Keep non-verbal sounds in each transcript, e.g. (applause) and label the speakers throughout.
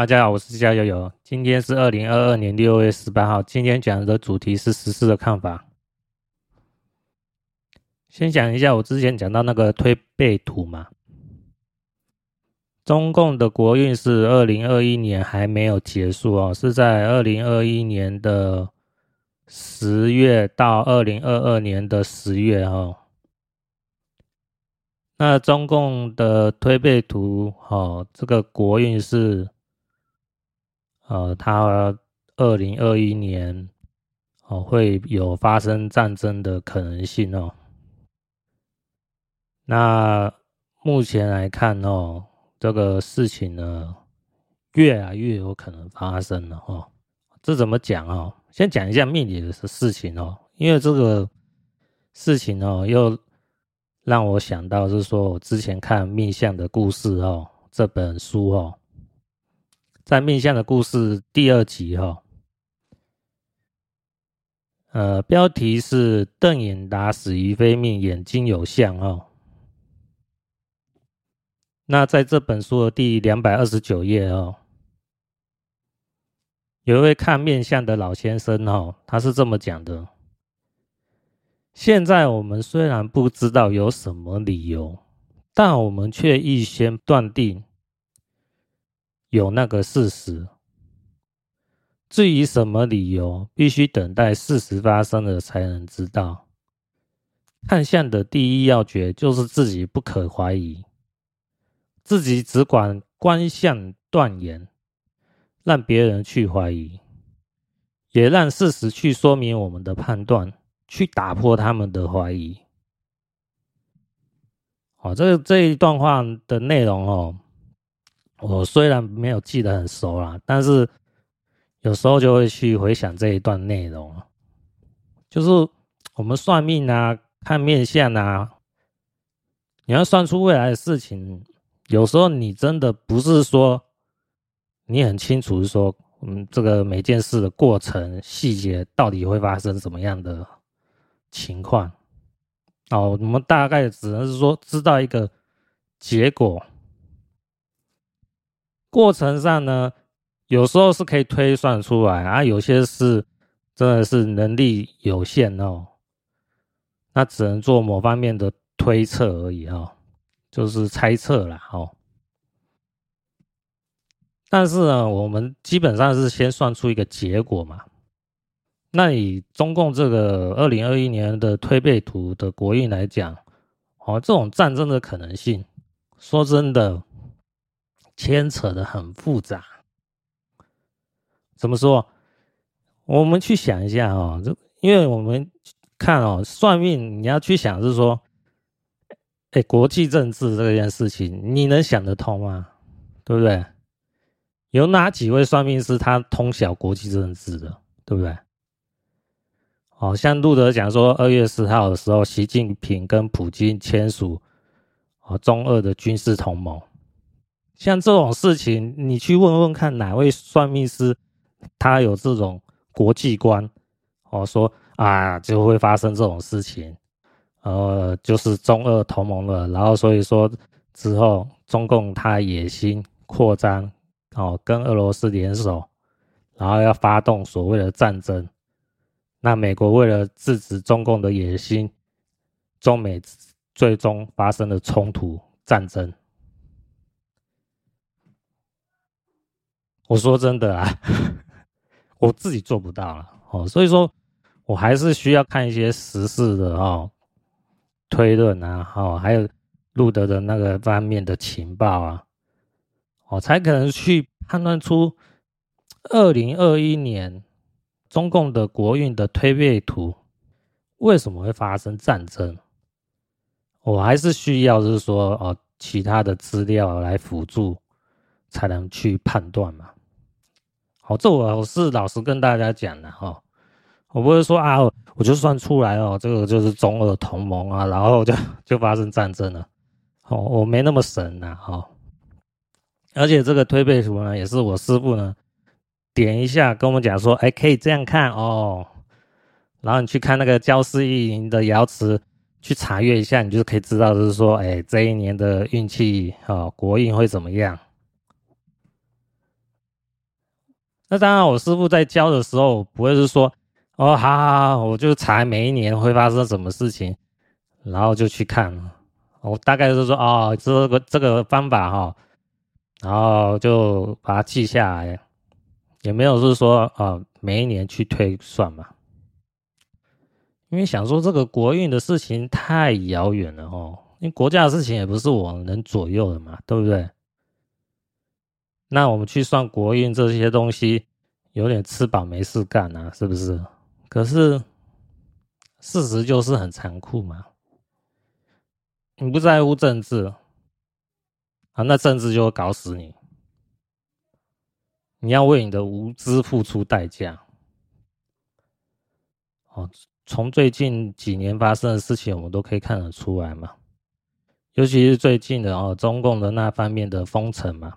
Speaker 1: 大家好，我是家悠悠。今天是二零二二年六月十八號。今天講的主題是時事的看法。先講一下我之前講到那個推背圖嘛。中共的國運是二零二一年還沒有結束哦，是在二零二一年的十月到二零二二年的十月哦。那中共的推背圖，好、哦，這個國運是。呃，他二零二一年哦、呃、會有發生戰爭的可能性哦。那目前來看哦，這個事情呢越來越有可能發生了哦。這怎麼講哦？先講一下命理的事情哦，因為這個事情哦，又讓我想到是說我之前看《命相的故事》哦這本書哦。在面相的故事第二集哈、哦，呃，標題是“鄧演達死於非命，眼睛有相”哦。那在這本書的第兩百二十九頁哦。有一位看面相的老先生哦，他是這麼講的：現在我們雖然不知道有什麼理由，但我們卻預先斷定，有那個事實。至於什麼理由，必須等待事實發生了才能知道。看相的第一要訣就是自己不可懷疑，自己只管觀相斷言，讓別人去懷疑，也讓事實去說明我們的判斷，去打破他們的懷疑。好，哦，這這一段話的內容哦。我雖然沒有記得很熟啦，但是有時候就會去回想這一段內容。就是我們算命啊、看面相啊，你要算出未來的事情，有時候你真的不是說你很清楚，是說嗯，這個每件事的過程細節到底會發生什麼樣的情況，哦，我們大概只能是說知道一個結果。過程上呢，有時候是可以推算出來啊，有些是真的是能力有限哦，那只能做某方面的推測而已哦，就是猜測啦哦。但是呢，我們基本上是先算出一個結果嘛。那以中共這個二零二一年的推背圖的國運來講，哦，這種戰爭的可能性，說真的。牽扯的很複雜，怎麼說？我們去想一下啊、哦，因為我們看哦，算命你要去想是說，哎、欸，國際政治這件事情，你能想得通嗎？對不對？有哪幾位算命師他通曉國際政治的？對不對？哦，像路德講說，二月十號的時候，習近平跟普京簽署、哦、中俄的軍事同盟。像這種事情，你去問問看哪位算命師，他有這種國際觀，哦，說啊就會發生這種事情，呃，就是中俄同盟了，然後所以說之後中共他野心擴張，哦，跟俄羅斯聯手，然後要發動所謂的戰爭，那美國為了制止中共的野心，中美最終發生了衝突戰爭。我說真的啊，我自己做不到了哦，所以說，我還是需要看一些時事的哦，推論啊，好、哦，還有路德的那個方面的情報啊，我、哦、才可能去判斷出二零二一年中共的國運的推背圖為什麼會發生戰爭，我、哦、還是需要就是說哦，其他的資料來輔助，才能去判斷嘛。哦，這我我是老實跟大家講的哈、哦，我不是說啊我，我就算出來哦，這個就是中俄同盟啊，然後就就發生戰爭了。哦，我沒那麼神吶、啊，好、哦，而且這個推背圖呢，也是我師傅呢點一下，跟我們講說，哎，可以這樣看哦，然後你去看那個《焦氏易林》的瑤池，去查閱一下，你就可以知道，就是說，哎，這一年的運氣啊、哦，國運會怎麼樣。那當然，我師傅在教的時候不會是說，哦，好好好，我就查每一年會發生什麼事情，然後就去看了。我大概就是說，哦，這個這個方法哈、哦，然後就把它記下來，也沒有是說，啊、哦，每一年去推算嘛。因為想說這個國運的事情太遙遠了哦，因為國家的事情也不是我能左右的嘛，對不對？那我們去算國運這些東西，有點吃飽沒事幹啊，是不是？可是事實就是很殘酷嘛。你不在乎政治，啊，那政治就會搞死你。你要為你的無知付出代價。哦，從最近幾年發生的事情，我們都可以看得出來嘛。尤其是最近的哦，中共的那方面的封城嘛。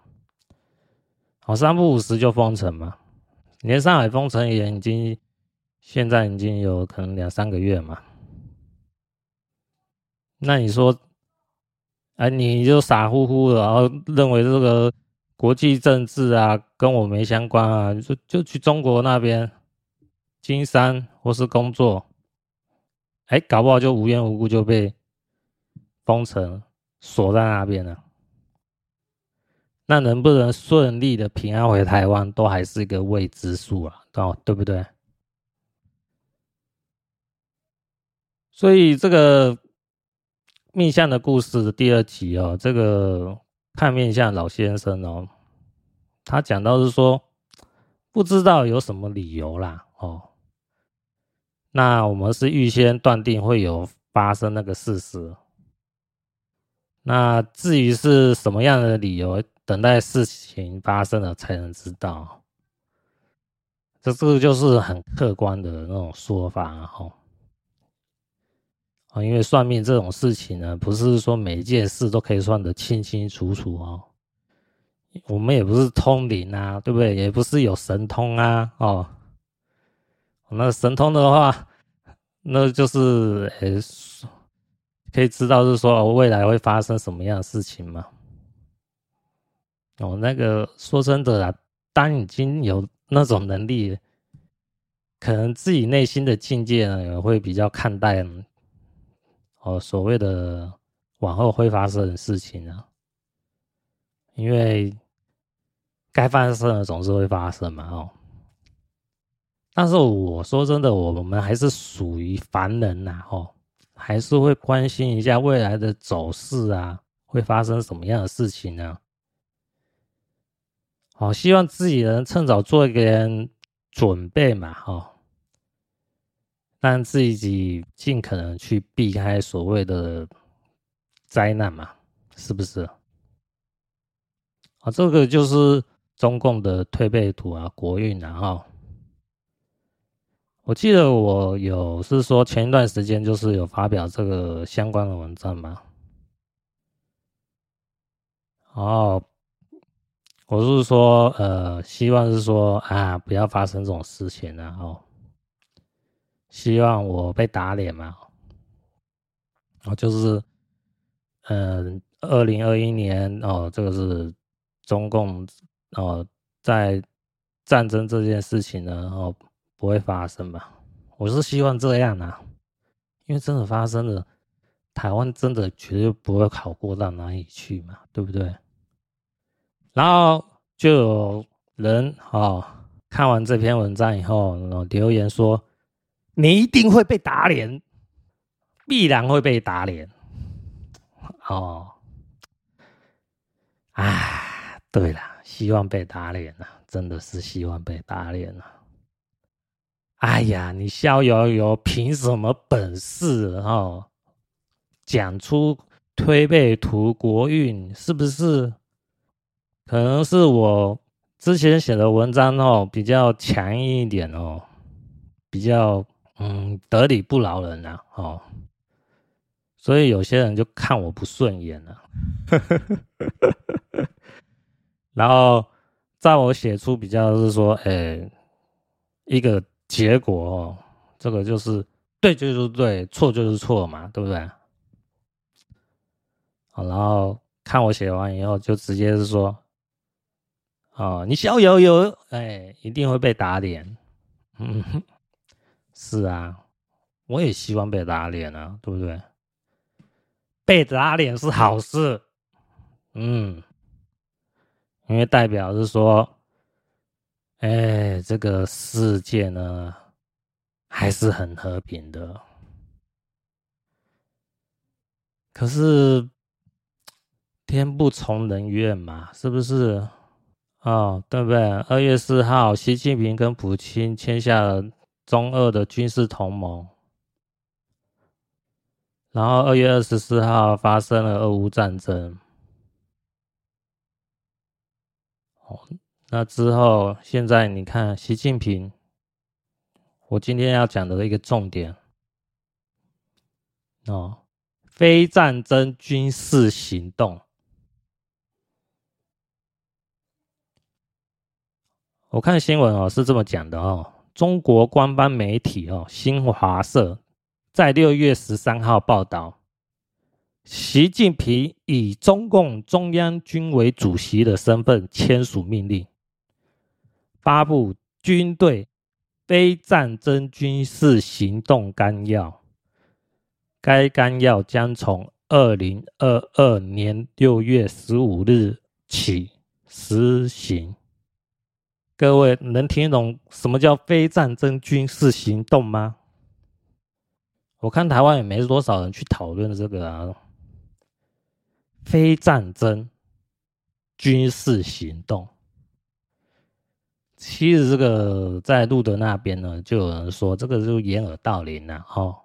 Speaker 1: 好、哦，三不五時就封城嘛，連上海封城也已經，現在已經有可能兩三個月嘛。那你說，哎，你就傻乎乎的，然後認為這個國際政治啊跟我沒相關啊，就就去中國那邊經商，或是工作，哎，搞不好就無緣無故就被封城鎖在那邊了。那能不能順利的平安回台灣，都還是一個未知數啊，哦，對不對？所以這個面相的故事的第二集哦，這個看面相老先生哦，他講到是說，不知道有什麼理由啦，哦，那我們是預先斷定會有發生那個事實。那至於是什麼樣的理由，等待事情發生了才能知道。這這個就是很客觀的那種說法，吼。因為算命這種事情呢，不是說每件事都可以算得清清楚楚哦。我們也不是通靈啊，對不對？也不是有神通啊，哦。那神通的話，那就是誒。欸可以知道是說未來會發生什麼樣的事情嗎？哦，那個說真的啊，當已經有那種能力，可能自己內心的境界呢，也會比較看待，哦，所謂的往後會發生的事情啊，因為該發生的總是會發生嘛，哦。但是我說真的，我們還是屬於凡人吶、啊，哦。還是會關心一下未來的走勢啊，會發生什麼樣的事情呢、啊？好、哦，希望自己能趁早做一點準備嘛，哈、哦，讓自己盡可能去避開所謂的災難嘛，是不是？啊、哦，這個就是中共的推背圖啊，國運啊。熬、哦。我記得我有是說前一段時間就是有發表這個相關的文章嘛？哦，我是說呃，希望是說啊，不要發生這種事情然、啊、哦，希望我被打臉嘛？然後，哦，就是嗯，二零二一年哦，這個是中共哦，在戰爭這件事情呢哦。不會發生吧？我是希望這樣啊，因為真的發生了，台灣真的絕對不會好過到哪裡去嘛，對不對？然後就有人哦，看完這篇文章以後，留言說：“你一定會被打臉，必然會被打臉。”哦，哎，對了，希望被打臉啦，啊，真的是希望被打臉啦，啊。哎呀，你逍遙遊憑什麼本事哦？講出推背圖國運是不是？可能是我之前寫的文章哦，比較強硬一點哦，比較，哦，比較，嗯，得理不饒人啊哦，所以有些人就看我不順眼了，啊。 (laughs) 然後在我寫出比較是說，呃，欸，一個。結果、哦，這個就是對就是對，錯就是錯嘛，對不對？好、哦，然後看我寫完以後，就直接是說，哦，你逍遙遊，哎，一定會被打臉。嗯，是啊，我也希望被打臉啊，對不對？被打臉是好事，嗯，因為代表是說。哎，這個世界呢，還是很和平的，可是天不從人願嘛，是不是？哦，對不對？二月四號，習近平跟普京簽下了中俄的軍事同盟，然後二月二十四號發生了俄烏戰爭。哦。那之後，現在你看，習近平，我今天要講的一個重點哦，非戰爭軍事行動。我看新聞哦，是這麼講的哦，中國官方媒體哦，新華社在六月十三號報道，習近平以中共中央軍委主席的身份簽署命令。發布軍隊非戰爭軍事行動綱要，該綱要將從二零二二年六月十五日起施行。各位能聽懂什麼叫非戰爭軍事行動嗎？我看台灣也沒多少人去討論這個啊。非戰爭軍事行動。其實這個在路德那邊呢，就有人說這個就掩耳盜鈴了、啊、哦。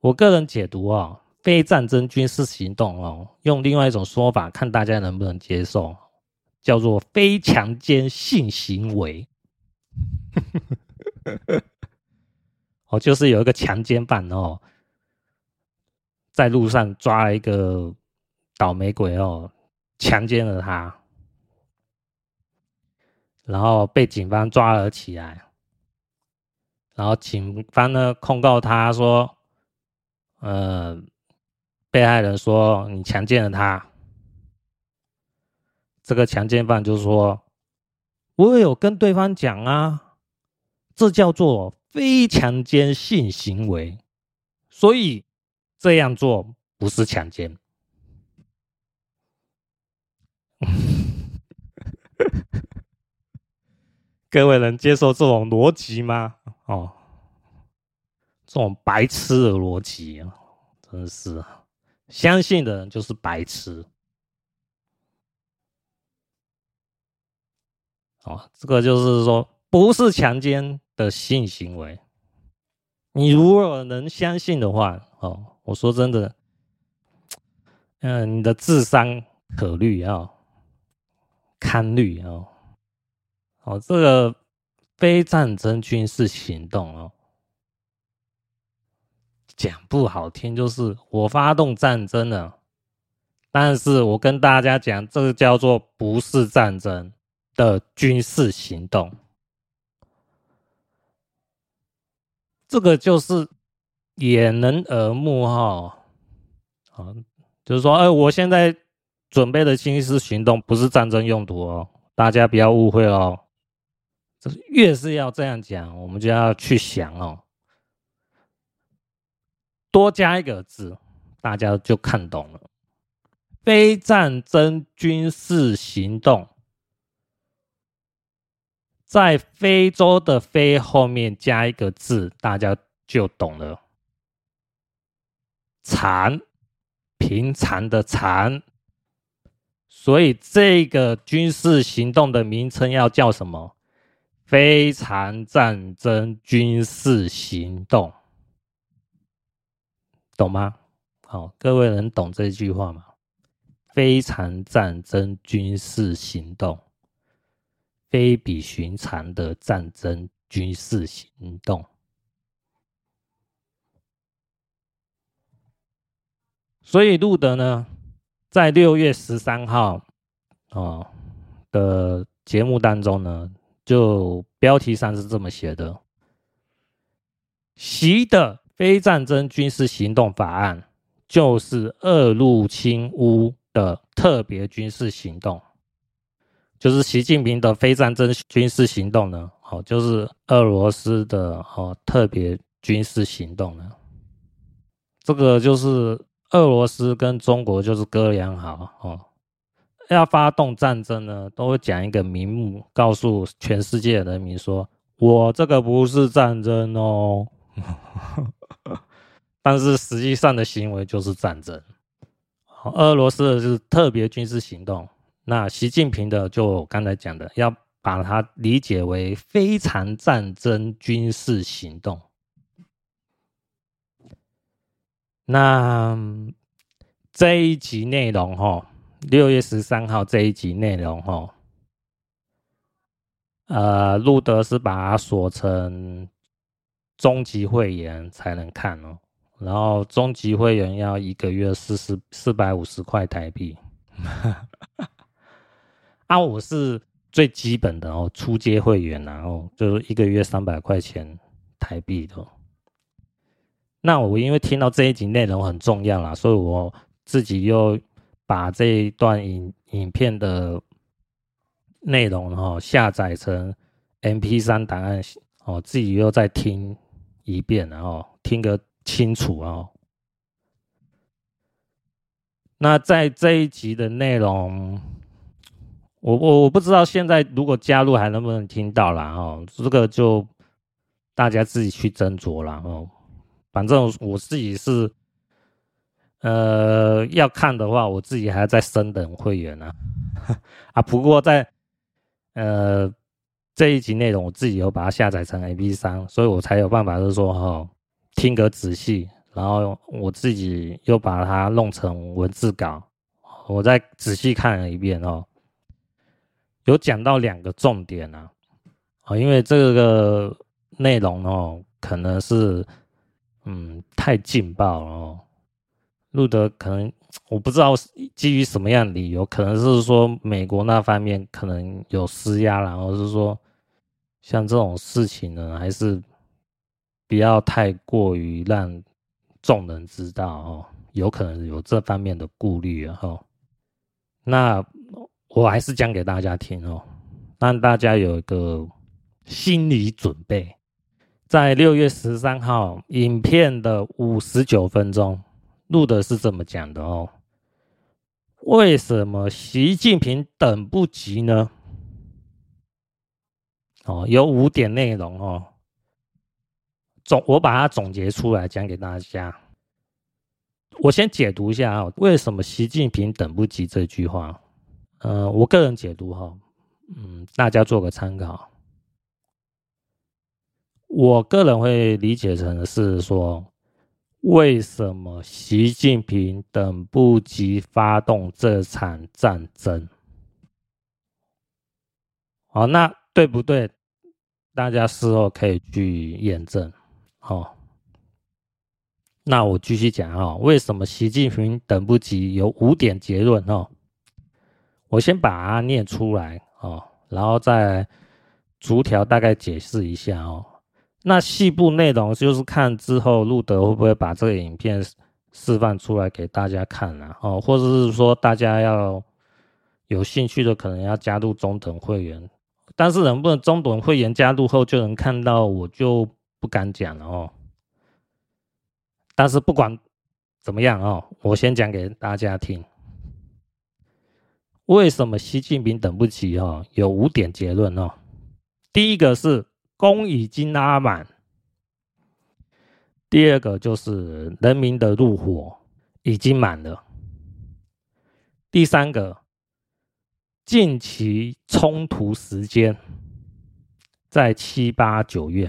Speaker 1: 我個人解讀啊、哦，非戰爭軍事行動哦，用另外一種說法，看大家能不能接受，叫做非強姦性行為。 (laughs) 哦，就是有一個強姦犯哦，在路上抓了一個倒霉鬼哦，強姦了他。然後被警方抓了起來，然後警方呢控告他說：“呃，被害人說你強姦了他。”這個強姦犯就是說，我有跟對方講啊，這叫做非強姦性行為，所以這樣做不是強姦。 (laughs) 各位能接受這種邏輯嗎？哦，這種白痴的邏輯啊，真是，相信的人就是白痴。哦，這個就是說，不是強姦的性行為。你如果能相信的話，哦，我說真的，嗯、呃，你的智商可慮啊、哦，堪慮啊。哦哦，這個非戰爭軍事行動哦，講不好聽就是我發動戰爭了，但是我跟大家講，這個叫做不是戰爭的軍事行動，這個就是掩人耳目哈，哦哦，就是說，哎，我現在準備的軍事行動不是戰爭用途哦，大家不要誤會哦。就是越是要這樣講，我們就要去想哦，多加一個字，大家就看懂了。非戰爭軍事行動，在“非洲”的“非”後面加一個字，大家就懂了。常，平常的“常”。所以這個軍事行動的名稱要叫什麼？非常戰爭軍事行動，懂嗎？好、哦，各位能懂這句話嗎？非常戰爭軍事行動，非比尋常的戰爭軍事行動。所以，路德呢，在六月十三號哦的節目當中呢。就標題上是這麼寫的，習的非戰爭軍事行動法案就是俄入侵烏的特別軍事行動，就是習近平的非戰爭軍事行動呢？好、哦，就是俄羅斯的哦，特別軍事行動呢？這個就是俄羅斯跟中國就是哥倆好哦。要發動戰爭呢，都會講一個名目，告訴全世界人民說：“我這個不是戰爭哦。 (laughs) ”但是實際上的行為就是戰爭。好，俄羅斯的是特別軍事行動，那習近平的就我剛才講的，要把它理解為非常戰爭軍事行動。那這一集內容哈。六月十三號這一集內容哦，呃，路德是把它鎖成終極會員才能看哦，然後終極會員要一個月四十、四百五十塊台幣， (laughs) 啊，我是最基本的哦，初階會員，然後就是一個月三百塊錢台幣的，那我因為聽到這一集內容很重要啦，所以我自己又。把這一段影影片的內容哈、哦、下載成 MP3 檔案哦，自己又再聽一遍，哦，然後聽個清楚哦。那在這一集的內容，我我我不知道現在如果加入還能不能聽到了哦，這個就大家自己去斟酌了哦。反正我，我自己是。呃，要看的話，我自己還要再升等會員呢、啊。 (laughs) 啊，不過在呃這一集內容，我自己有把它下載成 A P 三，所以我才有辦法，就是說哦，聽得仔細，然後我自己又把它弄成文字稿，我再仔細看了一遍哦。有講到兩個重點啊，啊，因為這個內容哦，可能是嗯太勁爆了哦。路德，可能我不知道基於什麼樣的理由，可能是說美國那方面可能有施壓啦，然後是說像這種事情呢，還是不要太過於讓眾人知道哦，有可能有這方面的顧慮啊。那我還是講給大家聽哦，讓大家有一個心理準備。在六月十三號影片的五十九分鐘。路德是這麼講的哦。為什麼習近平等不及呢？哦，有五點內容哦。總我把它總結出來講給大家。我先解讀一下啊、哦，為什麼習近平等不及這句話？呃，我個人解讀哈、哦，嗯，大家做個參考。我個人會理解成的是說。為什麼習近平等不及發動這場戰爭？哦，那對不對？大家事後可以去驗證。好，哦，那我繼續講哦。為什麼習近平等不及？有五點結論哦。我先把它念出來哦，然後再逐條大概解釋一下哦。那細部內容就是看之後路德會不會把這個影片釋放出來給大家看了，啊、哦，或者是說大家要有興趣的，可能要加入中等會員。但是能不能中等會員加入後就能看到，我就不敢講了哦。但是不管怎麼樣哦，我先講給大家聽，為什麼習近平等不起哦，有五點結論哦。第一個是。弓已經拉滿，第二個就是人民的怒火已經滿了。第三個，近期衝突時間在七八九月。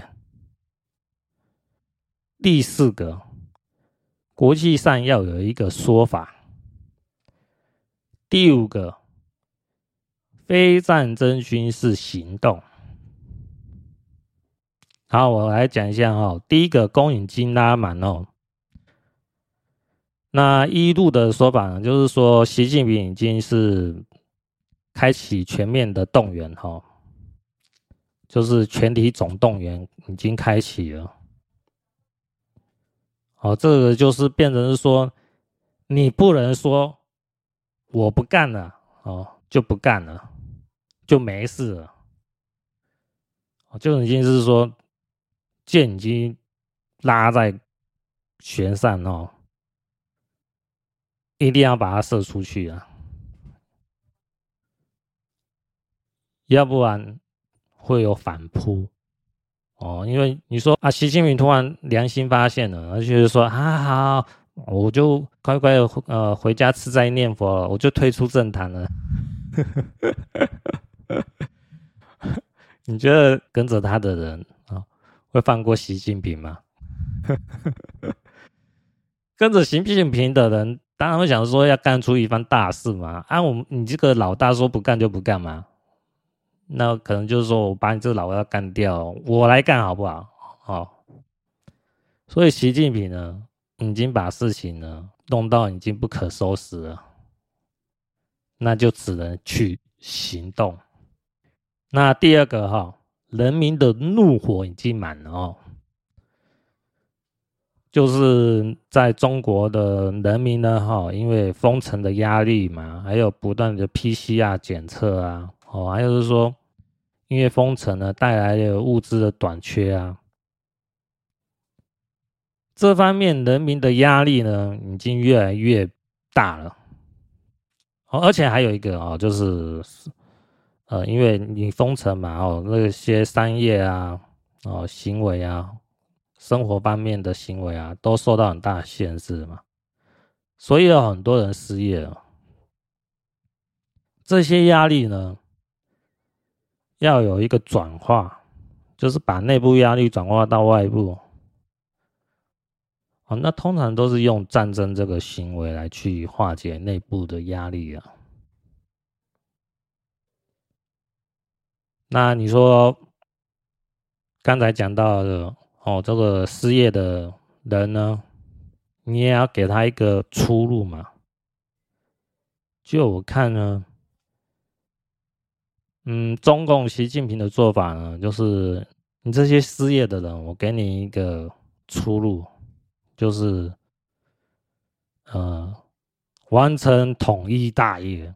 Speaker 1: 第四個，國際上要有一個說法。第五個，非戰爭軍事行動。然後我來講一下哈、哦，第一個，弓已經拉滿哦。那一路的說法呢，就是說，習近平已經是開啟全面的動員哈、哦，就是全體總動員已經開啟了。哦，這個就是變成是說，你不能說我不幹了哦，就不幹了，就沒事了。哦，就已經是說。箭已經拉在弦上哦。一定要把它射出去啊！要不然會有反撲哦。因為你說啊，習近平突然良心發現了，而且說啊好，我就乖乖呃回家吃齋念佛了，我就退出政壇了。 (laughs) (laughs) 你覺得跟着他的人？會放過習近平嗎？ (laughs) 跟着習近平的人當然會想說要幹出一番大事嘛。按、啊、我們你這個老大說不幹就不幹嘛，那可能就是說我把你這個老大幹掉，我來幹好不好？好、哦。所以習近平呢，已經把事情呢弄到已經不可收拾了，那就只能去行動。那第二個哈、哦。人民的怒火已經滿了哦，就是在中國的人民呢，哈，因為封城的壓力嘛，還有不斷的 PCR 檢測啊，哦，還有是說，因為封城呢帶來了物資的短缺啊，這方面人民的壓力呢已經越來越大了。哦，而且還有一個哦，就是。呃，因為你封城嘛，哦，那些商業啊，哦，行為啊，生活方面的行為啊，都受到很大限制嘛，所以有很多人失業了。這些壓力呢，要有一個轉化，就是把內部壓力轉化到外部。哦，那通常都是用戰爭這個行為來去化解內部的壓力啊。那你說，剛才講到的哦，這個失業的人呢，你也要給他一個出路嘛。就我看呢，嗯，中共習近平的做法呢，就是你這些失業的人，我給你一個出路，就是，呃，完成統一大業，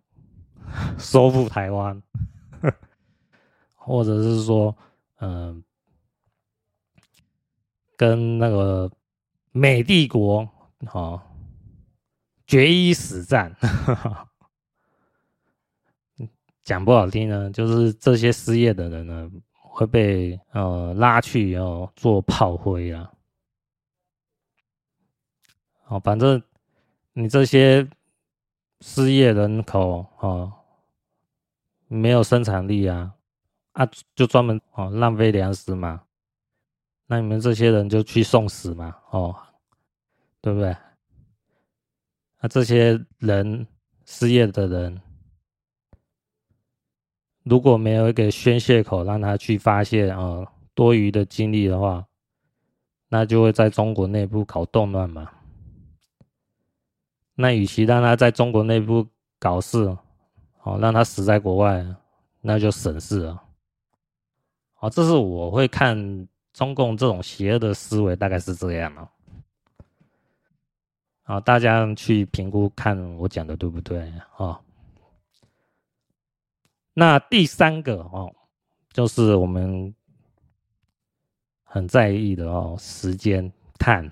Speaker 1: 收復台灣。 (laughs) 或者是說，嗯、呃，跟那個美帝國啊、哦、決一死戰呵呵，講不好聽呢，就是這些失業的人呢會被呃拉去要做炮灰啊。好、哦，反正你這些失業人口啊、哦，沒有生產力啊。啊，就專門哦浪費糧食嘛，那你們這些人就去送死嘛，哦，對不對？那、啊、這些人失業的人，如果沒有一個宣洩口讓他去發洩啊、哦、多餘的精力的話，那就會在中國內部搞動亂嘛。那與其讓他在中國內部搞事，哦，讓他死在國外，那就省事了。啊，這是我會看中共這種邪惡的思維，大概是這樣哦。好，大家去評估看我講的對不對哦。那第三個哦，就是我們很在意的哦，時間 time，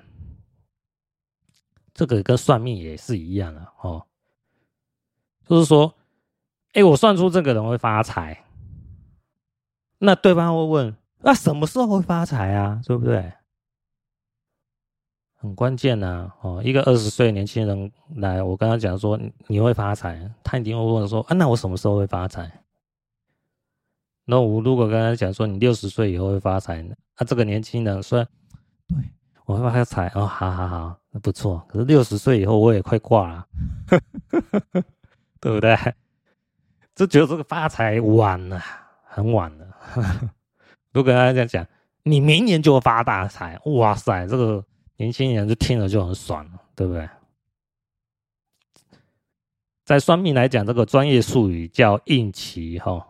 Speaker 1: 這個跟算命也是一樣的哦，就是說，哎，我算出這個人會發財。那對方會問：“那什麼時候會發財啊？對不對？”很關鍵吶、啊！哦，一個二十歲年輕人來，我跟他講說：“你會發財。”他一定會問說：“啊，那我什麼時候會發財？”那我如果跟他講說：“你六十歲以後會發財。”啊，那這個年輕人說：“對，我會發財。”哦，好好好，不錯。可是六十歲以後我也快掛了， (laughs) 對不對？就覺得這就是個發財晚了，很晚了。如果 (laughs) 跟他這樣講，你明年就會發大財！哇塞，這個年輕人就聽了就很爽，對不對？在算命來講，這個專業術語叫“應期”哈,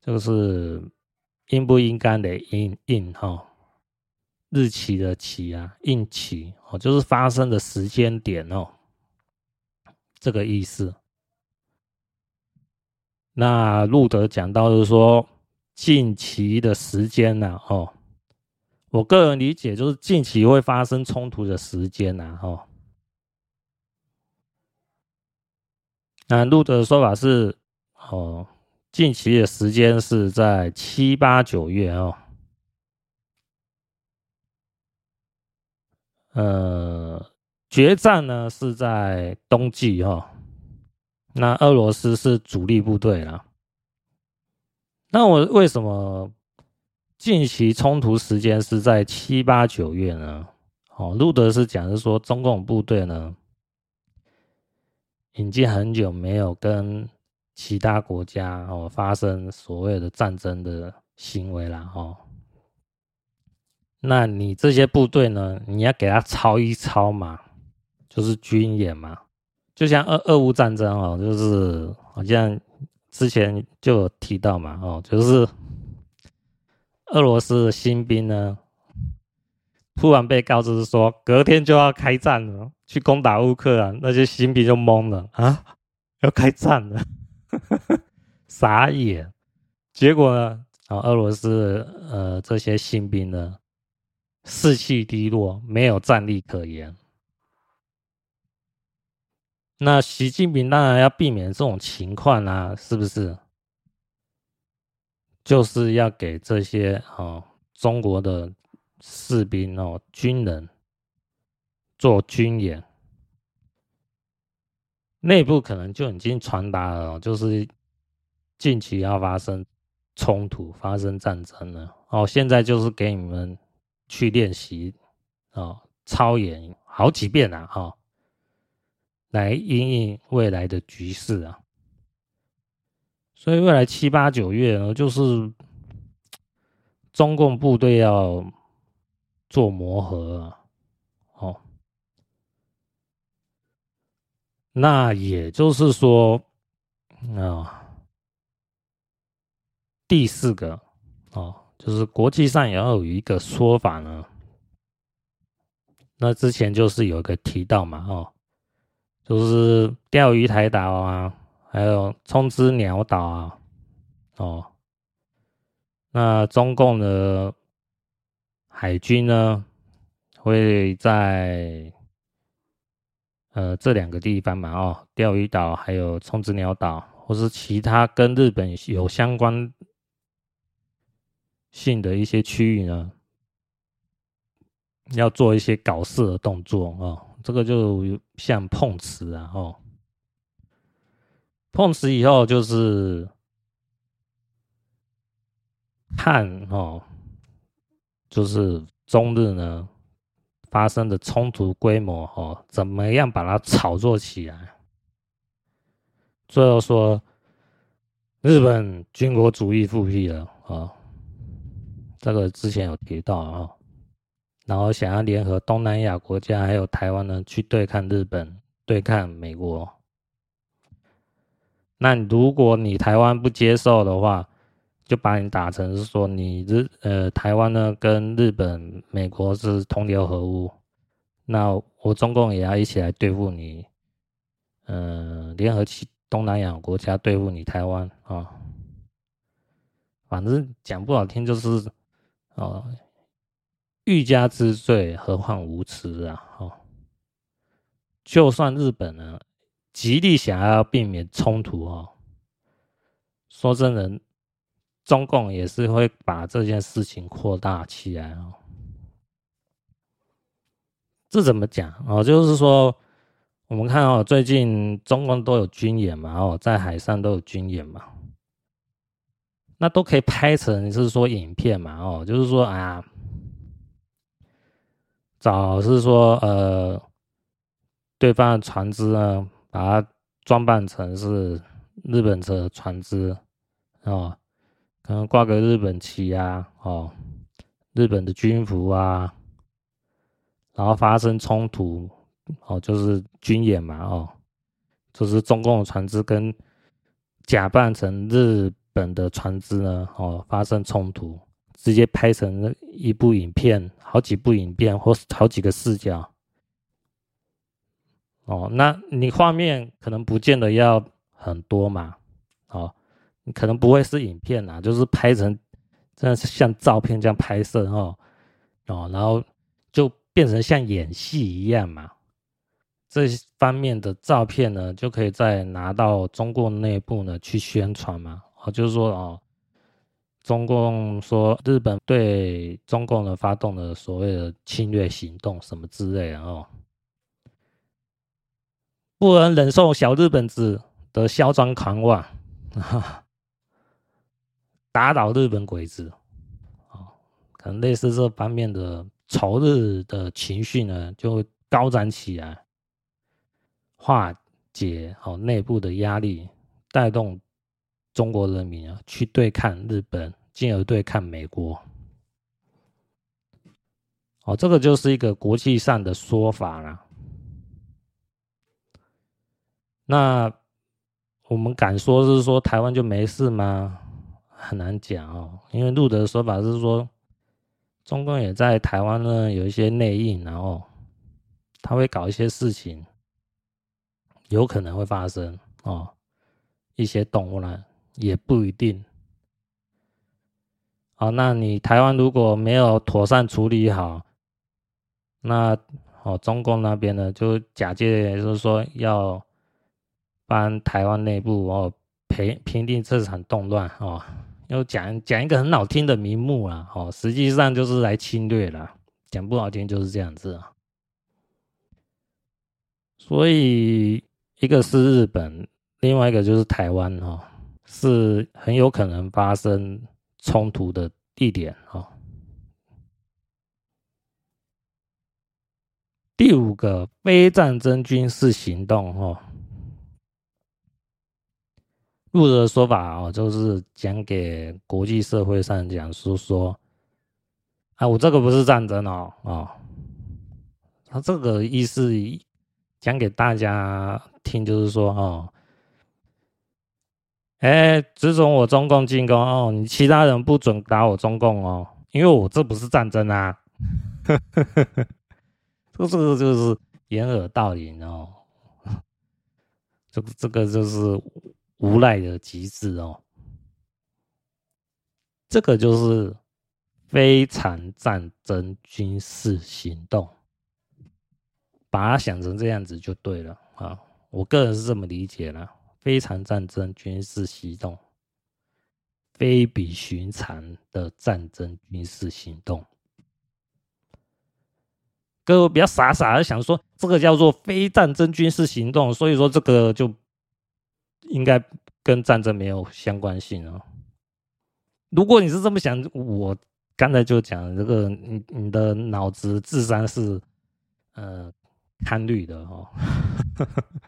Speaker 1: 就是應不應該的“應應”哈，日期的“期”啊，應期哦，就是發生的時間點哦，這個意思。那路德講到，就是說近期的時間呢，哦，我個人理解就是近期會發生衝突的時間啊哦，那路德的說法是，哦，近期的時間是在七八九月哦，呃，決戰呢是在冬季哦。那俄羅斯是主力部隊了，那我為什麼近期衝突時間是在七八九月呢？哦，路德是講是說中共部隊呢，已經很久沒有跟其他國家哦發生所謂的戰爭的行為了哦，那你這些部隊呢，你要給他抄一抄嘛，就是軍演嘛。就像俄俄烏戰爭哦，就是好像之前就有提到嘛哦，就是俄羅斯的新兵呢，突然被告知是說隔天就要開戰了，去攻打烏克蘭，那些新兵就懵了啊，要開戰了， (laughs) 傻眼野。結果呢，啊，俄羅斯呃這些新兵呢，士氣低落，沒有戰力可言。那習近平當然要避免這種情況啊，是不是？就是要給這些哦中國的士兵哦軍人做軍演，內部可能就已經傳達了，就是近期要發生衝突、發生戰爭了。哦，現在就是給你們去練習啊，操演好幾遍了啊。哦來因應未來的局勢啊，所以未來七八九月呢，就是中共部隊要做磨合啊，哦，那也就是說啊，第四個哦，就是國際上也要有一個說法呢，那之前就是有一個提到嘛，哦。就是釣魚台島啊，還有沖之鳥島啊，哦，那中共的海軍呢，會在呃這兩個地方嘛，哦，釣魚島還有沖之鳥島，或是其他跟日本有相關性的一些區域呢，要做一些搞事的動作啊。哦。這個就像碰瓷啊，啊齁碰瓷以後就是看哦，就是中日呢發生的衝突規模哦，怎麼樣把它炒作起來？最後說日本軍國主義復辟了啊，哦，這個之前有提到啊。哦然後想要聯合東南亞國家，還有台灣呢，去對抗日本、對抗美國。那如果你台灣不接受的話，就把你打成是說你日呃台灣呢跟日本、美國是同流合污。那我，我中共也要一起來對付你，嗯、呃，聯合起東南亞國家對付你台灣啊、哦。反正講不好聽就是，哦。欲加之罪，何患無辭啊！就算日本人極力想要避免衝突，哈，說真的，中共也是會把這件事情擴大起來哦。這怎麼講？就是說，我們看哦，最近中共都有軍演嘛，哦，在海上都有軍演嘛，那都可以拍成是說影片嘛，哦，就是說啊。早是說，呃，對方的船隻呢，把它裝扮成是日本車的船隻，哦，可能掛個日本旗啊，哦，日本的軍服啊，然後發生衝突，哦，就是軍演嘛，哦，就是中共的船隻跟假扮成日本的船隻呢，哦，發生衝突。直接拍成一部影片，好幾部影片或是好幾個視角，哦，那你畫面可能不見得要很多嘛，哦，你可能不會是影片啦，就是拍成真的是像照片這樣拍攝哦，哦，然後就變成像演戲一樣嘛，這方面的照片呢，就可以再拿到中國內部呢去宣傳嘛，哦，就是說哦。中共說，日本對中共的發動了所謂的侵略行動，什麼之類的哦，不能忍受小日本子的囂張狂妄啊，打倒日本鬼子，啊，可能類似這方面的仇日的情緒呢，就會高漲起來，化解好、哦、內部的壓力，帶動。中國人民啊，去對抗日本，進而對抗美國。哦，這個就是一個國際上的說法啦。那我們敢說是說台灣就沒事嗎？很難講哦，因為路德的說法是說，中共也在台灣呢有一些內應，然後他會搞一些事情，有可能會發生哦，一些動亂呢。也不一定好。好，那你台灣如果沒有妥善處理好，那哦，中共那邊呢，就假借就是說要幫台灣內部哦平平定這場動亂哦，要講講一個很好聽的名目啊，哦，實際上就是來侵略啦。講不好聽就是這樣子啊。所以一個是日本，另外一個就是台灣哦。是很有可能發生衝突的地點啊、哦。第五個非戰爭軍事行動哦，路德的說法哦，就是講給國際社會上講是說，說，啊，我這個不是戰爭哦，哦啊，他這個意思講給大家聽，就是說哦。哎，只准我中共進攻哦，你其他人不准打我中共哦，因為我這不是戰爭啊，這個 (laughs) 這個就是掩耳盜鈴哦，這個這個就是無賴的極致哦，這個就是非戰爭軍事行動，把它想成這樣子就對了啊，我個人是這麼理解了、啊。非常戰爭，軍事，常戰爭軍事行動，非比尋常的戰爭軍事行動。各位，我比較傻傻的想說，這個叫做非戰爭軍事行動，所以說這個就應該跟戰爭沒有相關性啊、哦。如果你是這麼想，我剛才就講這個，你你的腦子智商是呃貪綠的哦。 (laughs)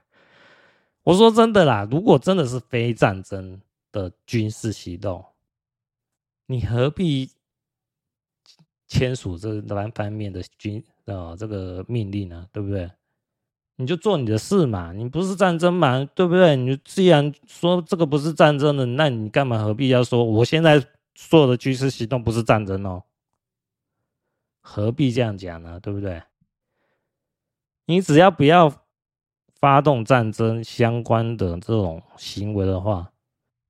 Speaker 1: 我說真的啦，如果真的是非戰爭的軍事行動，你何必簽署這單方面的軍啊、哦、這個命令呢？對不對？你就做你的事嘛，你不是戰爭嘛，對不對？你既然說這個不是戰爭的，那你幹嘛何必要說我現在做的軍事行動不是戰爭哦？何必這樣講呢？對不對？你只要不要。發動戰爭相關的這種行為的話，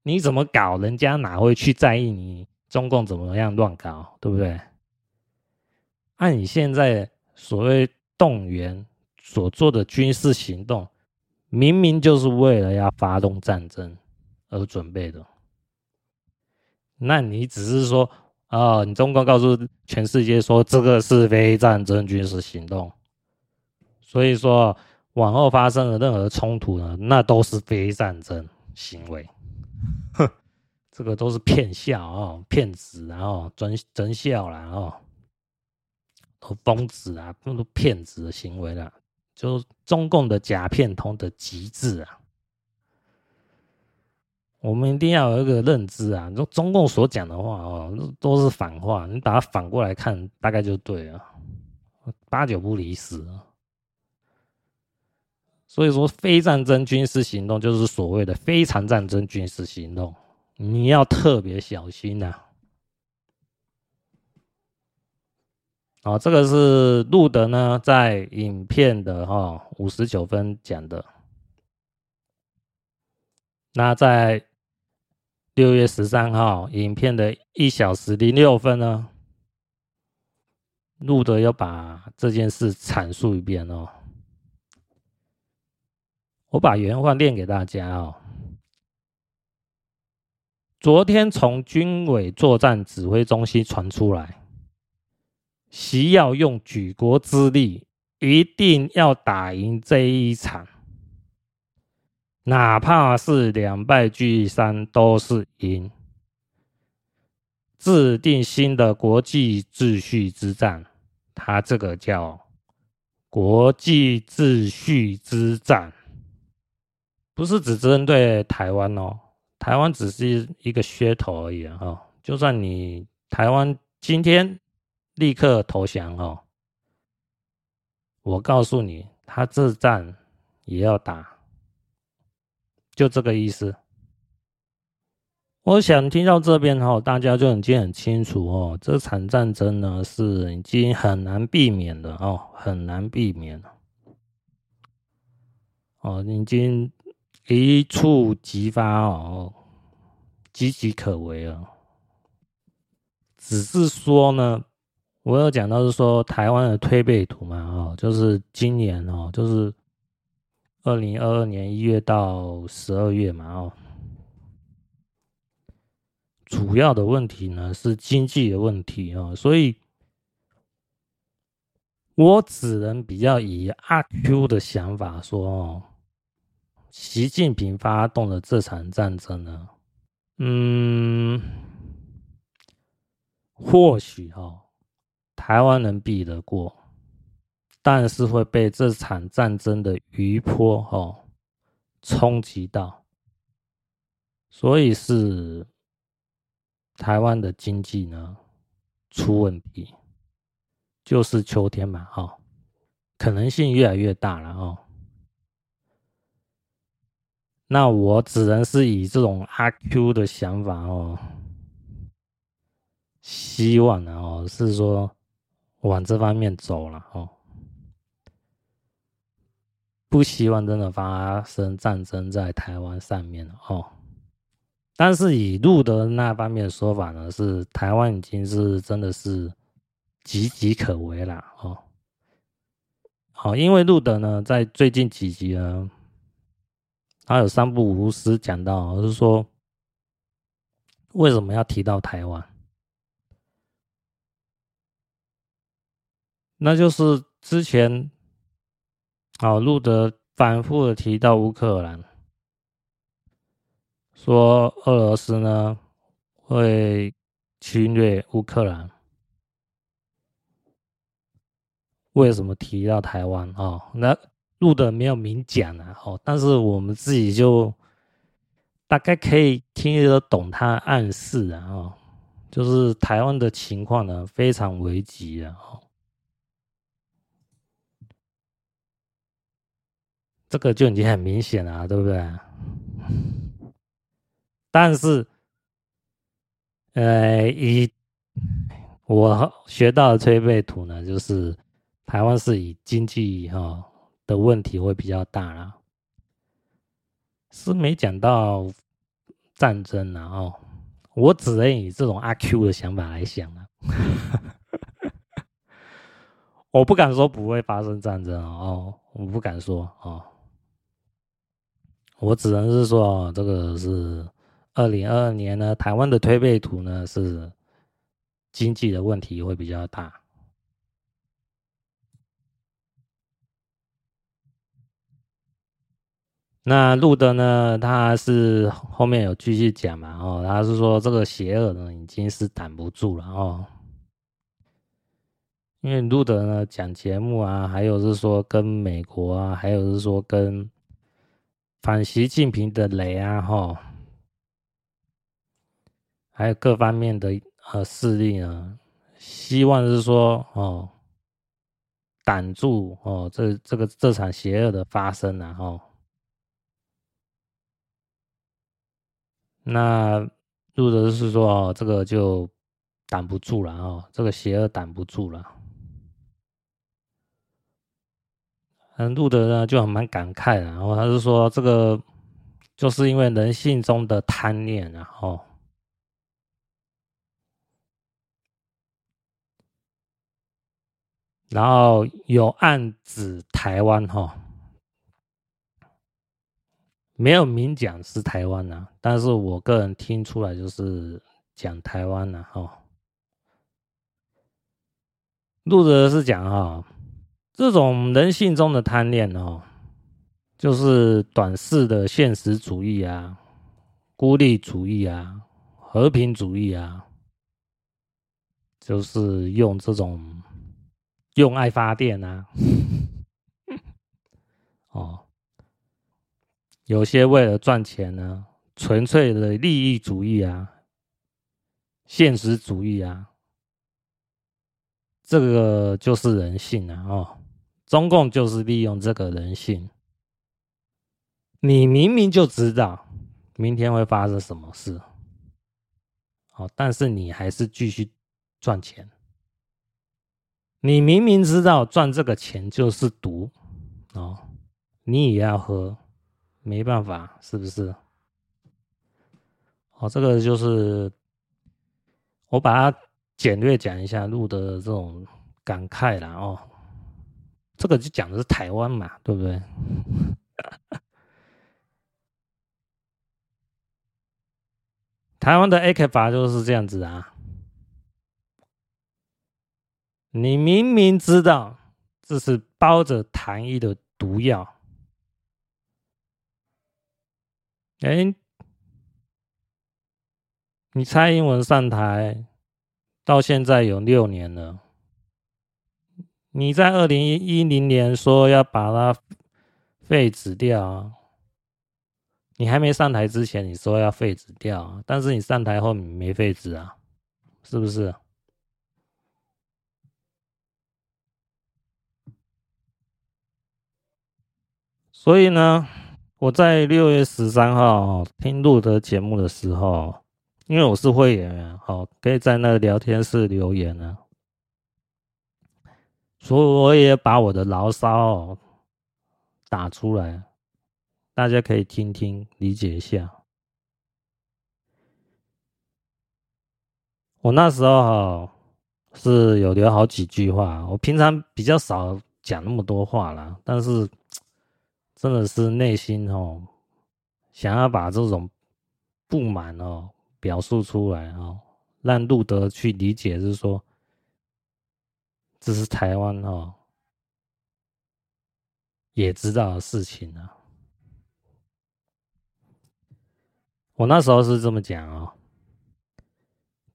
Speaker 1: 你怎麼搞？人家哪會去在意你中共怎麼樣亂搞，對不對？按、啊、你現在所謂動員所做的軍事行動，明明就是為了要發動戰爭而準備的。那你只是說啊、呃，你中共告訴全世界說這個是非戰爭軍事行動，所以說。往後發生的任何衝突呢，那都是非戰爭行為。哼，這個都是騙笑、哦、啊、哦，騙子然後真裝笑啦，哦，都瘋子啊，那都騙子的行為了，就中共的假騙通的極致啊。我們一定要有一個認知啊，就中共所講的話哦，都是反話，你把它反過來看，大概就對了。八九不離十啊。所以說，非戰爭軍事行動就是所謂的非常戰爭軍事行動，你要特別小心吶、啊。好、哦、這個是路德呢在影片的哈五十九分講的。那在六月十三號影片的一小時零六分呢，路德要把這件事闡述一遍哦。我把原話念給大家哦。昨天從軍委作戰指揮中心傳出來，習要用舉國之力，一定要打贏這一場，哪怕是兩敗俱傷都是贏。制定新的國際秩序之戰，它這個叫國際秩序之戰。不是只針對台灣哦，台灣只是一個噱頭而已啊，哦！就算你台灣今天立刻投降哦，我告訴你，他這戰也要打，就這個意思。我想聽到這邊哦，大家就已經很清楚哦，這場戰爭呢是已經很難避免的哦，很難避免的哦，已經。一觸即發哦，岌岌可危哦。只是說呢，我有講到是說台灣的推背圖嘛，哦，就是今年哦，就是二零二二年一月到十二月嘛，哦，主要的問題呢是經濟的問題啊，哦，所以，我只能比較以阿 Q 的想法說哦。習近平發動的這場戰爭呢，嗯，或許哈、哦，台灣能避得過，但是會被這場戰爭的餘波哈、哦衝擊到，所以是台灣的經濟呢出問題，就是秋天嘛，哈、哦，可能性越來越大了哦。那我只能是以這種阿 Q 的想法哦，希望呢哦是說往這方面走了哦，不希望真的發生戰爭在台灣上面哦，但是以路德那方面的說法呢，是台灣已經是真的是岌岌可危了哦，好，因為路德呢在最近幾集呢。他有三不五時講到，就是說為什麼要提到台灣？那就是之前啊、哦，路德反覆地提到烏克蘭，說俄羅斯呢會侵略烏克蘭，為什麼提到台灣啊、哦？那？錄的沒有明講然哦，但是我們自己就大概可以聽得懂他暗示、啊，然、哦、後就是台灣的情況呢非常危急啊、哦，這個就已經很明顯了、啊，對不對？但是，呃，以我學到的推背圖呢，就是台灣是以經濟哈。哦的問題會比較大啦。是沒講到戰爭啦。哦，我只能以這種阿 Q 的想法來想啊、嗯。 (laughs) 我不敢說不會發生戰爭哦，哦，我不敢說哦，我只能是說、哦，這個是二零二二年呢，台灣的推背圖呢是經濟的問題會比較大。那路德呢？他是後面有繼續講嘛？哦，他是說這個邪惡呢已經是擋不住了哦。因為路德呢講節目啊，還有是說跟美國啊，還有是說跟反習近平的雷啊，哈、哦，還有各方面的呃勢力呢，希望是說哦，擋住哦這這個這場邪惡的發生然、啊、後。哦。那路德是說，哦、這個就擋不住了哦，這個邪惡擋不住了。嗯，路德呢就很蠻感慨，然後、哦、他是說，這個就是因為人性中的貪念，然後、哦、，然後有暗指台灣哈。哦沒有明講是台灣吶、啊，但是我個人聽出來就是講台灣吶、啊，吼、哦。路德是講啊、哦，這種人性中的貪戀哦，就是短視的現實主義啊，孤立主義啊，和平主義啊，就是用這種用愛發電吶、啊，嗯、哦。有些為了賺錢呢，純粹的利益主義啊，現實主義啊，這個就是人性啊，哦，中共就是利用這個人性。你明明就知道明天會發生什麼事，哦，但是你還是繼續賺錢。你明明知道賺這個錢就是毒，哦，你也要喝。沒辦法，是不是？哦，這個就是我把它簡略講一下，錄的這種感慨了哦。這個就講的是台灣嘛，對不對？ (laughs) (laughs) 台灣的 ECFA 就是這樣子啊。你明明知道這是包着糖衣的毒藥。哎、欸，你猜英文上台到現在有六年了。你在二零一零年說要把它廢止掉，啊，你還沒上台之前你說要廢止掉，但是你上台後你沒廢止啊，是不是？所以呢？我在六月十三號聽錄的節目的時候，因為我是會員，好可以在那聊天室留言啊。所以我也把我的牢騷打出來，大家可以聽聽，理解一下。我那時候是有留好幾句話，我平常比較少講那麼多話啦，但是。真的是內心哦，想要把這種不滿哦表述出來哦，讓路德去理解，就是說，這是台灣哦也知道的事情啊。我那時候是這麼講哦。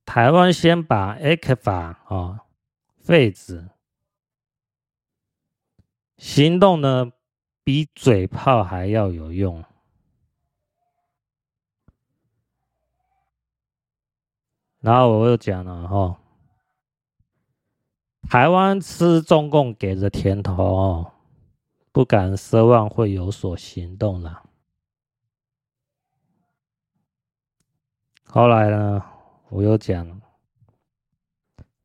Speaker 1: 台灣先把 ECFA 啊廢止，行動呢？比嘴炮還要有用。然後我又講了哈，台灣吃中共給的甜頭，不敢奢望會有所行動了。後來呢，我又講，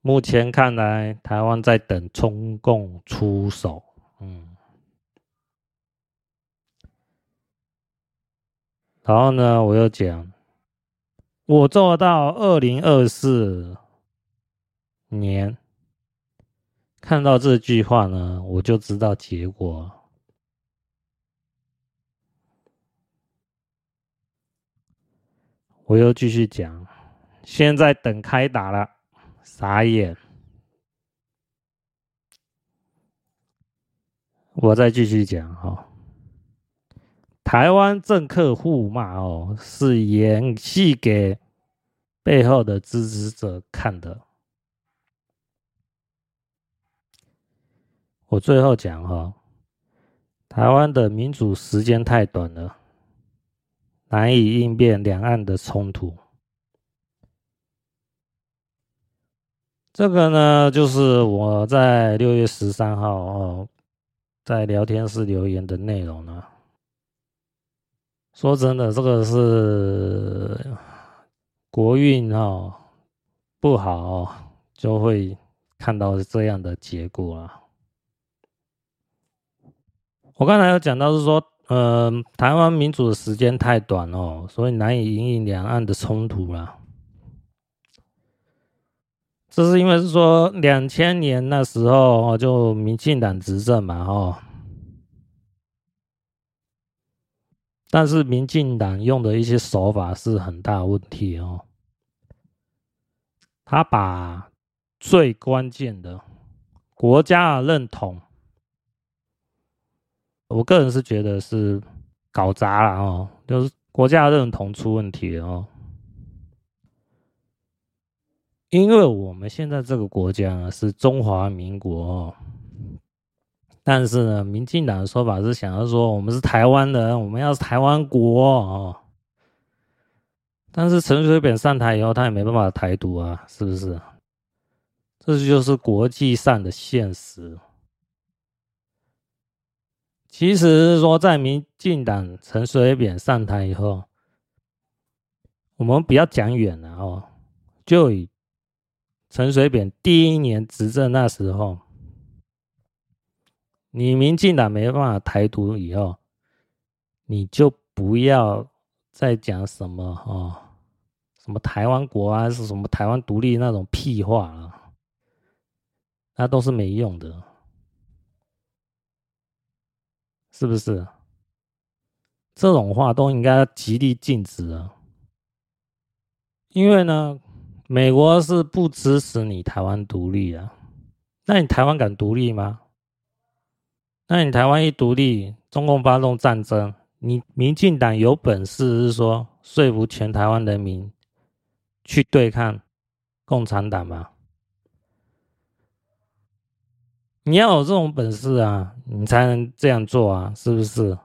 Speaker 1: 目前看來，台灣在等中共出手。嗯。然後呢，我又講，我做到二零二四年，看到這句話呢，我就知道結果。我又繼續講，現在等開打了，傻眼。我再繼續講哈。哦台灣政客互罵哦，是演戲給背後的支持者看的。我最後講哈、哦，台灣的民主時間太短了，難以應變兩岸的衝突。這個呢，就是我在六月十三號哦，在聊天室留言的內容呢。說真的，這個是國運哦，不好、哦，就會看到這樣的結果了、啊。我剛才有講到是說、呃，台灣民主的時間太短哦，所以難以因應兩岸的衝突了、啊。這是因為是說，兩千年那時候就民進黨執政嘛，哦。但是民進黨用的一些手法是很大的問題哦。他把最關鍵的國家的認同，我個人是覺得是搞砸了哦，就是國家的認同出問題哦。因為我們現在這個國家呢，是中華民國哦。但是呢，民進黨的說法是想要說，我們是台灣人，我們要是台灣國哦。但是陳水扁上台以後，他也沒辦法台獨啊，是不是？這就是國際上的現實。其實說，在民進黨陳水扁上台以後，我們不要講遠了哦，就以陳水扁第一年執政那時候。你民進黨沒辦法台獨以後，你就不要再講什麼哦，什麼台灣國啊，是什麼台灣獨立那種屁話了。那都是沒用的，是不是？這種話都應該極力禁止啊，因為呢，美國是不支持你台灣獨立的，那你台灣敢獨立嗎？那你台灣一獨立，中共發動戰爭，你民進黨有本事是說說服全台灣人民去對抗共產黨嗎？你要有這種本事啊，你才能這樣做啊，是不是？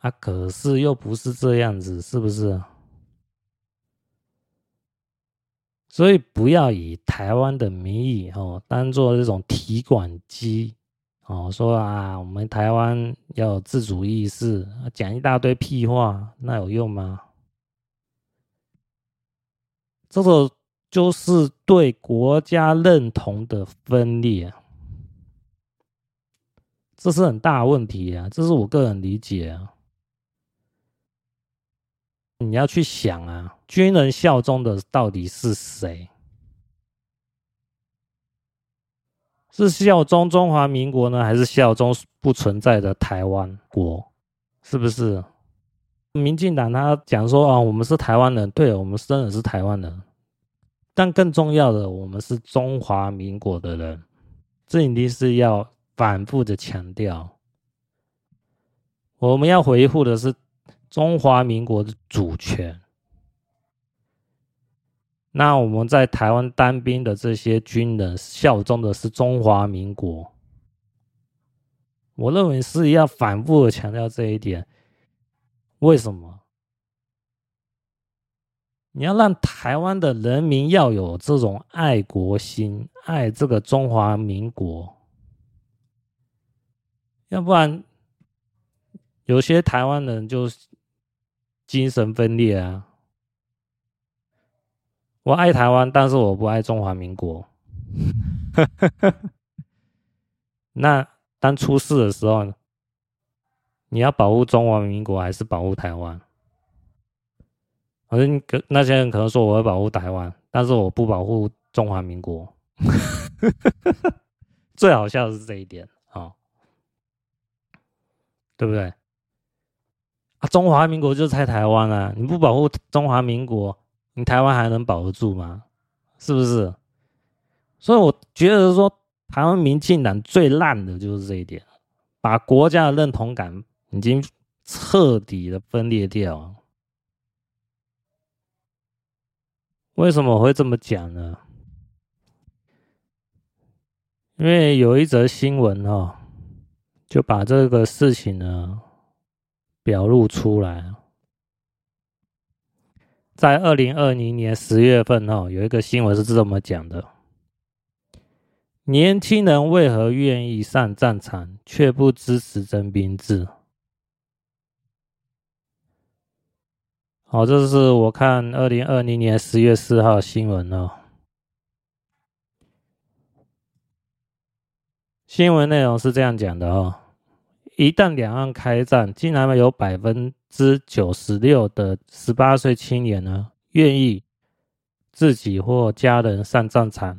Speaker 1: 啊，可是又不是這樣子，是不是？所以不要以台灣的名義哦，當做這種提款機。哦，說啊，我們台灣要有自主意識，講一大堆屁話，那有用嗎？這個就是對國家認同的分裂啊。這是很大的問題啊，這是我個人理解啊。你要去想啊，軍人效忠的到底是誰？是效忠中華民國呢，還是效忠不存在的台灣國？是不是？民進黨他講說啊，我們是台灣人，對，我們真的是台灣人。但更重要的，我們是中華民國的人，這一定是要反覆的強調。我們要回復的是中華民國的主權。那我們在台灣當兵的這些軍人效忠的是中華民國，我認為是要反復的強調這一點。為什麼？你要讓台灣的人民要有這種愛國心，愛這個中華民國，要不然有些台灣人就精神分裂啊。我愛台灣，但是我不愛中華民國。 (laughs) 那當出事的時候，你要保護中華民國還是保護台灣？好像那些人可能說我會保護台灣，但是我不保護中華民國。 (laughs) 最好笑的是這一點啊、哦，對不對？啊，中華民國就在台灣啊，你不保護中華民國，你台灣還能保得住嗎？是不是？所以我覺得說，台灣民進黨最爛的就是這一點，把國家的認同感已經徹底的分裂掉。為什麼我會這麼講呢？因為有一則新聞哦，就把這個事情呢表露出來。在二零二零年十月份哦，有一個新聞是這麼講的：年輕人為何願意上戰場，卻不支持徵兵制？好、哦，這是我看二零二零年十月四號新聞哦。新聞內容是這樣講的哦：一旦兩岸開戰，竟然有百分之九十六的十八歲青年呢，願意自己或家人上戰場，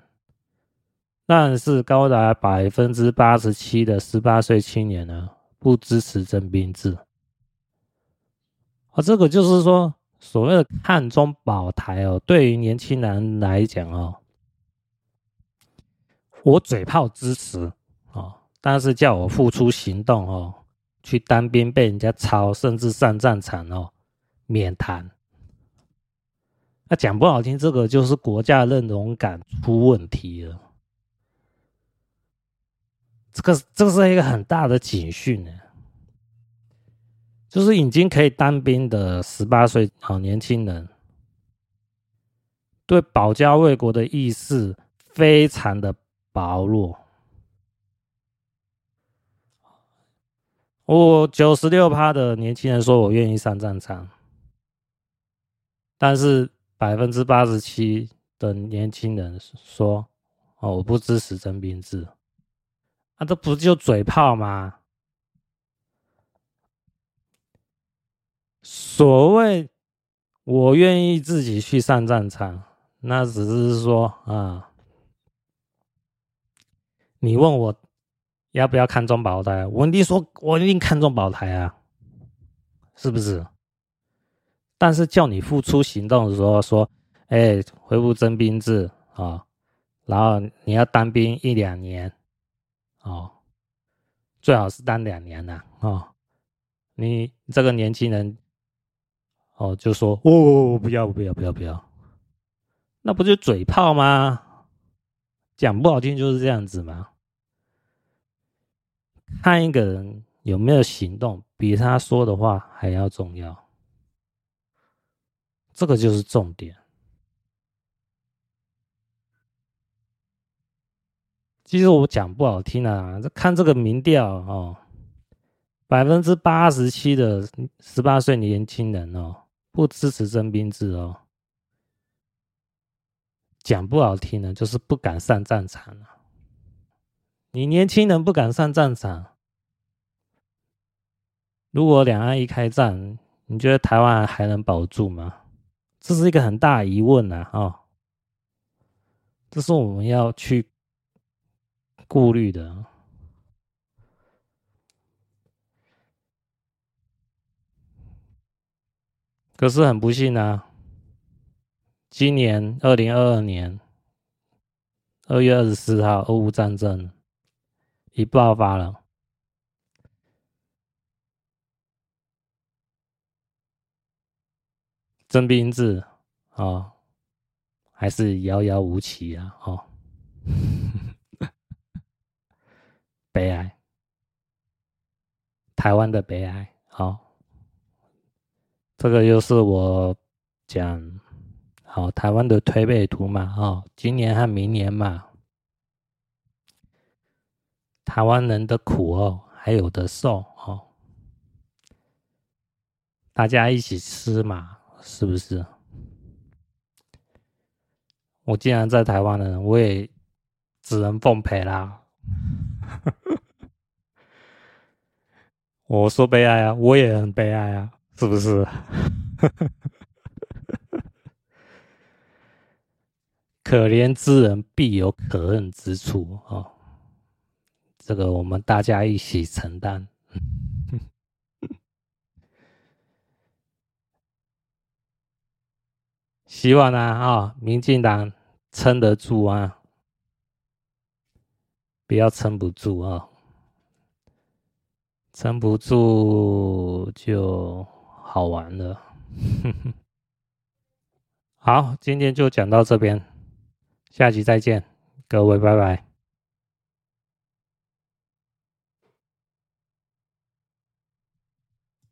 Speaker 1: 但是高達百分之八十七的十八歲青年呢，不支持徵兵制。啊，這個就是說，所謂的抗中保台哦，對於年輕人來講哦，我嘴炮支持，但是叫我付出行動哦。去當兵被人家抄，甚至上戰場哦，免談。那、啊、講不好聽，這個就是國家認同感出問題了。這個這個、是一個很大的警訊呢。就是已經可以當兵的十八歲好、哦、年輕人，對保家衛國的意識非常的薄弱。我九十六趴的年輕人說，我願意上戰場，但是百分之八十七的年輕人說，哦，我不支持徵兵制，那、啊、這不就嘴炮嗎？所謂我願意自己去上戰場，那只是說啊、嗯，你問我，要不要看中保台？我一定說：“我一定看中保台啊，是不是？”但是叫你付出行動，的時候說，哎，恢復徵兵制啊、哦，然後你要當兵一兩年，哦，最好是當兩年的、啊、哦，你這個年輕人，哦，就說：“我、哦哦哦、不要，不要，不要，不要。”那不就嘴炮嗎？講不好聽就是這樣子嗎？看一個人有沒有行動，比他說的話還要重要。這個就是重點。其實我講不好聽啊，看這個民調哦，百分之八十七的十八歲年輕人哦，不支持徵兵制哦。講不好聽呢，就是不敢上戰場了啊。你年輕人不敢上戰場，如果兩岸一開戰，你覺得台灣還能保住嗎？這是一個很大疑問吶、啊！啊、哦，這是我們要去顧慮的。可是很不幸呢、啊，今年二零二二年二月二十四號，俄烏戰爭。已爆發了，徵兵制哦，還是遙遙無期啊！哦，悲 (laughs) 哀，台灣的悲哀。哦。這個又是我講好、哦、台灣的推背圖嘛？哦，今年和明年嘛。台灣人的苦哦，還有的受哦，大家一起吃嘛，是不是？我既然在台灣的人，我也只能奉陪啦。 (laughs) 我說悲哀啊，我也很悲哀啊，是不是？ (laughs) 可憐之人必有可恨之處啊。哦這個我們大家一起承擔。希望呢，啊，啊、民進黨撐得住啊，不要撐不住啊，撐不住就好玩了。 (laughs) 好，今天就講到這邊，下集再見，各位拜拜。